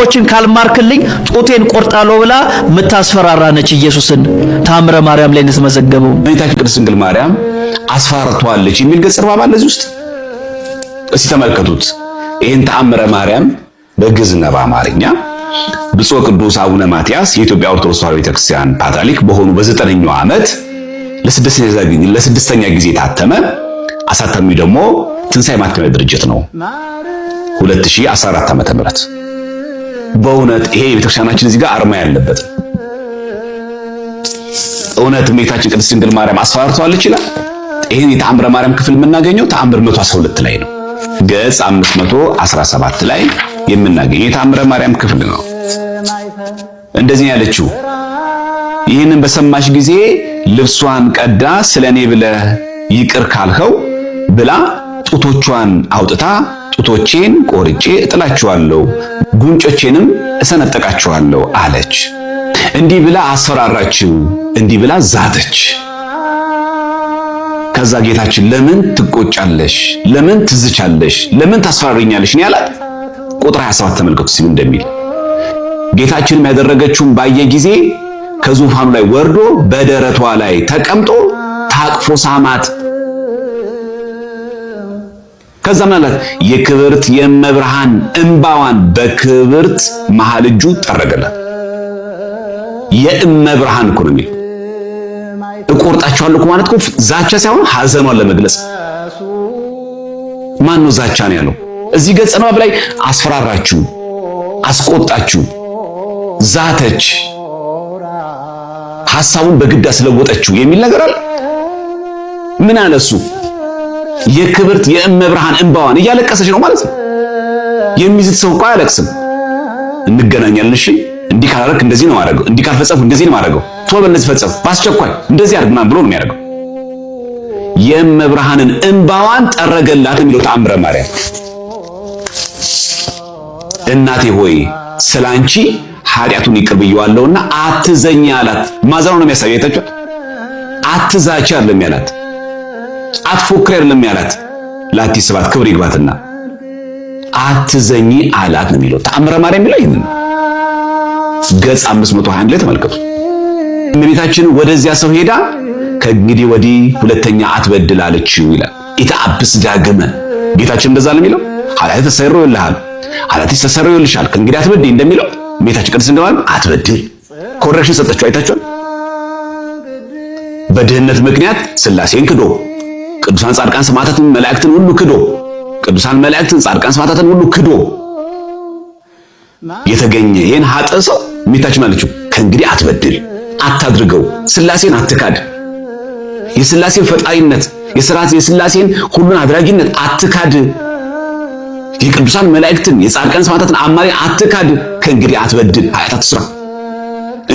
ዎችን ካልማርክልኝ ጡቴን ቆርጣለሁ ብላ ምታስፈራራ ነች። ኢየሱስን ታምረ ማርያም ላይ እንደተመዘገበው ቤታችን ቅድስት ድንግል ማርያም አስፈራርተዋለች የሚል ገጽ እርባባ እዚህ ውስጥ እስቲ ተመልከቱት። ይህን ታምረ ማርያም በግዕዝና በአማርኛ ብፁዕ ቅዱስ አቡነ ማትያስ የኢትዮጵያ ኦርቶዶክስ ተዋሕዶ ቤተክርስቲያን ፓትርያርክ በሆኑ በዘጠነኛው ዓመት ለስድስተኛ ጊዜ ታተመ። አሳታሚው ደግሞ ትንሣኤ ማተሚያ ድርጅት ነው 2014 ዓ.ም በእውነት ይሄ የቤተክርስቲያናችን እዚህ ጋር አርማ ያለበት እውነት እመቤታችን ቅድስት ድንግል ማርያም አስፈራርተዋለች ይላል። ይሄን የተአምረ ማርያም ክፍል የምናገኘው ተአምር 112 ላይ ነው፣ ገጽ 517 ላይ የምናገኘው የተአምረ ማርያም ክፍል ነው። እንደዚህ ያለችው ይህንን በሰማሽ ጊዜ ልብሷን ቀዳ ስለኔ ብለ ይቅር ካልኸው ብላ ጡቶቿን አውጥታ ጡቶቼን ቆርጬ እጥላችኋለሁ፣ ጉንጮቼንም እሰነጠቃችኋለሁ አለች። እንዲህ ብላ አስፈራራችው፣ እንዲህ ብላ ዛተች። ከዛ ጌታችን ለምን ትቆጫለሽ? ለምን ትዝቻለሽ? ለምን ታስፈራሪኛለሽ? ነው ያላት። ቁጥር 27 ተመልከቱ ሲል እንደሚል ጌታችንም ያደረገችውን ባየ ጊዜ ከዙፋኑ ላይ ወርዶ በደረቷ ላይ ተቀምጦ ታቅፎ ሳማት። ከዛ ምን አላት? የክብርት የመብርሃን እምባዋን በክብርት መሃል እጁ ጠረገላት። የእመብርሃን እኮ ነው የሚለው። እቆርጣቸዋለሁ እኮ ማለት እኮ ዛቻ ሳይሆን ሐዘኗን ለመግለጽ ማን ነው ዛቻ ነው ያለው? እዚህ ገጸ ንባብ ላይ አስፈራራችሁ፣ አስቆጣችሁ፣ ዛተች፣ ሐሳቡን በግድ አስለወጠችው የሚል ነገር አለ። ምን አለ እሱ? የክብርት የእመብርሃን እንባዋን እያለቀሰች ነው ማለት ነው። የሚዝት ሰው እንኳን አያለቅስም። እንገናኛለን እሺ፣ እንዲህ እንደዚህ ነው ማረገው፣ እንዲህ ካልፈጸምኩ እንደዚህ ነው ማረገው፣ ቶሎ በእነዚህ ፈጸም፣ በአስቸኳይ እንደዚህ አድርግና ብሎ ነው የሚያደርገው። የእመብርሃንን እንባዋን ጠረገላት የሚለው ተአምረ ማርያም። እናቴ ሆይ ስላንቺ ኃጢአቱን ይቅር ብየዋለሁና አትዘኛ አላት። ማዛኑ ነው የሚያሳየው። አትዛቻ አይደለም ያላት አትፎክር ነው የሚያላት ላቲ ስባት ክብር ይግባትና አትዘኚ አላት ነው የሚለው። ተአምረ ማርያም ላይ ይሄን ገጽ 521 ላይ ተመልከቱ። እመቤታችን ወደዚያ ሰው ሄዳ ከእንግዲህ ወዲህ ሁለተኛ አትበድል አለችው ይላል። ኢተአብስ ዳግመ ጌታችን እንደዛ ነው የሚለው። ኃላፊ ተሰሮ ይልሃል ኃላፊ ተሰሮ ይልሻል ከእንግዲህ አትበድል እንደሚለው እመቤታችን ቅድስት እንደማል አትበድል ኮረክሽን ሰጠችው። አይታችኋል። በድህነት ምክንያት ስላሴን ክዶ ቅዱሳን ጻድቃን ሰማዕታትን መላእክትን ሁሉ ክዶ ቅዱሳን መላእክትን ጻድቃን ሰማዕታትን ሁሉ ክዶ የተገኘ ይህን ሀጠ ሰው እመቤታችን አለችው ከእንግዲህ አትበድል፣ አታድርገው፣ ስላሴን አትካድ፣ የስላሴን ፈጣሪነት የስላሴን ሁሉን አድራጊነት አትካድ፣ የቅዱሳን መላእክትን የጻድቃን ሰማዕታትን አማሪ አትካድ፣ ከእንግዲህ አትበድል፣ ኃጢአት አትስራ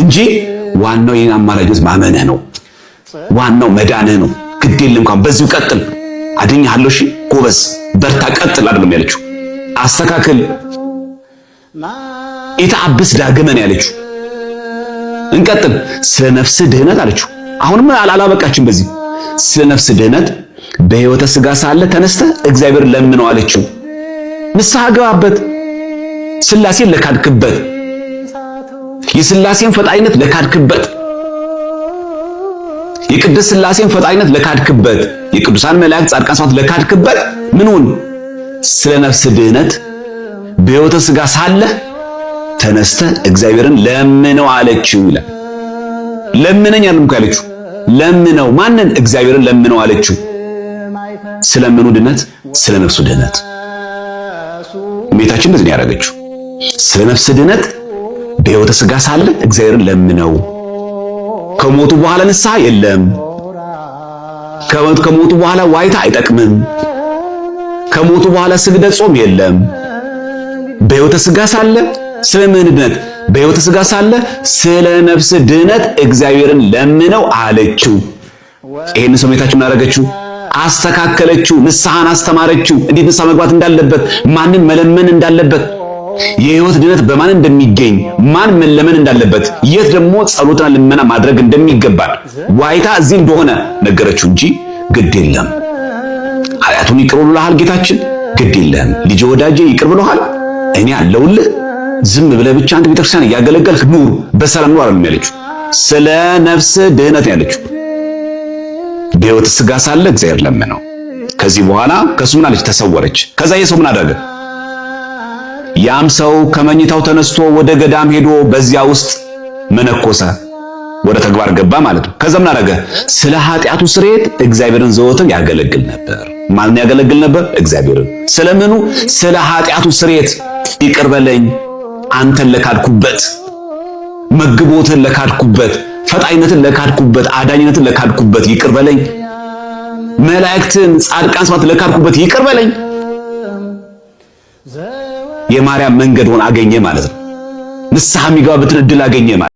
እንጂ ዋናው ይህን አማላጅነት ማመነ ነው። ዋናው መዳንህ ነው። ግድ የለም እንኳን በዚሁ ቀጥል፣ አድኛለሁ፣ እሺ ጎበዝ፣ በርታ፣ ቀጥል አይደለም ያለችው፣ አስተካክል፣ ኢተአብስ ዳግመን ያለችው፣ እንቀጥል። ስለ ነፍስ ድህነት አለችው። አሁንም አላበቃችም። በዚህ ስለ ነፍስ ድህነት በህይወተ ስጋ ሳለ ተነስተ እግዚአብሔር ለምነው አለችው። ንስሐ ገባበት፣ ሥላሴን ለካድክበት፣ የስላሴን ፈጣሪነት ለካድክበት የቅድስት ሥላሴን ፈጣሪነት ለካድክበት፣ የቅዱሳን መላእክት ጻድቃን ሰማዕታት ለካድክበት፣ ምንውን ስለ ነፍስ ድህነት በሕይወተ ሥጋ ሳለ ተነስተ እግዚአብሔርን ለምነው አለችው ይላል። ለምነኝ አለም ካለችው ለምነው ማንን? እግዚአብሔርን ለምነው አለችው። ስለ ምኑ ድህነት? ስለ ነፍሱ ድህነት። እመቤታችን እንደዚህ ነው ያደረገችው። ስለ ነፍስ ድህነት በሕይወተ ሥጋ ሳለ እግዚአብሔርን ለምነው ከሞቱ በኋላ ንስሐ የለም። ከሞቱ በኋላ ዋይታ አይጠቅምም። ከሞቱ በኋላ ስግደት፣ ጾም የለም። በሕይወተ ሥጋ ሳለ ስለ ምን ድነት በሕይወተ ሥጋ ሳለ ስለ ነፍስ ድነት እግዚአብሔርን ለምነው አለችው። ይሄን ሰው ቤታችን አደረገችው፣ አስተካከለችው፣ ንስሐን አስተማረችው፣ እንዴት ንስሐ መግባት እንዳለበት፣ ማንን መለመን እንዳለበት የህይወት ድነት በማን እንደሚገኝ፣ ማን መለመን እንዳለበት፣ የት ደግሞ ጸሎትና ልመና ማድረግ እንደሚገባል ዋይታ እዚህ እንደሆነ ነገረችው እንጂ ግድ የለም ኃጢአቱን ይቅር ብሎልሃል ጌታችን፣ ግድ የለም ልጅ ወዳጄ ይቅር ብሎሃል፣ እኔ አለሁልህ፣ ዝም ብለህ ብቻ አንተ ቤተክርስቲያን እያገለገልክ ኑር፣ በሰላም ኑር አለም ያለችው። ስለ ነፍስ ድህነት ነው ያለችው። በህይወት ስጋ ሳለ እግዚአብሔር ለመነው። ከዚህ በኋላ ከሱ ምን አለች? ተሰወረች። ከዛ የሰው ምን አደረገ? ያም ሰው ከመኝታው ተነስቶ ወደ ገዳም ሄዶ በዚያ ውስጥ መነኮሰ፣ ወደ ተግባር ገባ ማለት ነው። ከዛ ምን አደረገ? ስለ ኃጢአቱ ስርየት እግዚአብሔርን ዘወትር ያገለግል ነበር። ማንን ያገለግል ነበር? እግዚአብሔርን። ስለምኑ? ስለ ኃጢአቱ ስርየት። ይቅር አንተን ለካድኩበት፣ መግቦትን ለካድኩበት፣ ፈጣይነትን ለካድኩበት፣ አዳኝነትን ለካድኩበት ይቅር መላእክትን ጻድቃን ስማት ለካድኩበት ይቅር የማርያም መንገድ ሆን አገኘ ማለት ነው። ንስሐ የሚገባበትን እድል አገኘ ማለት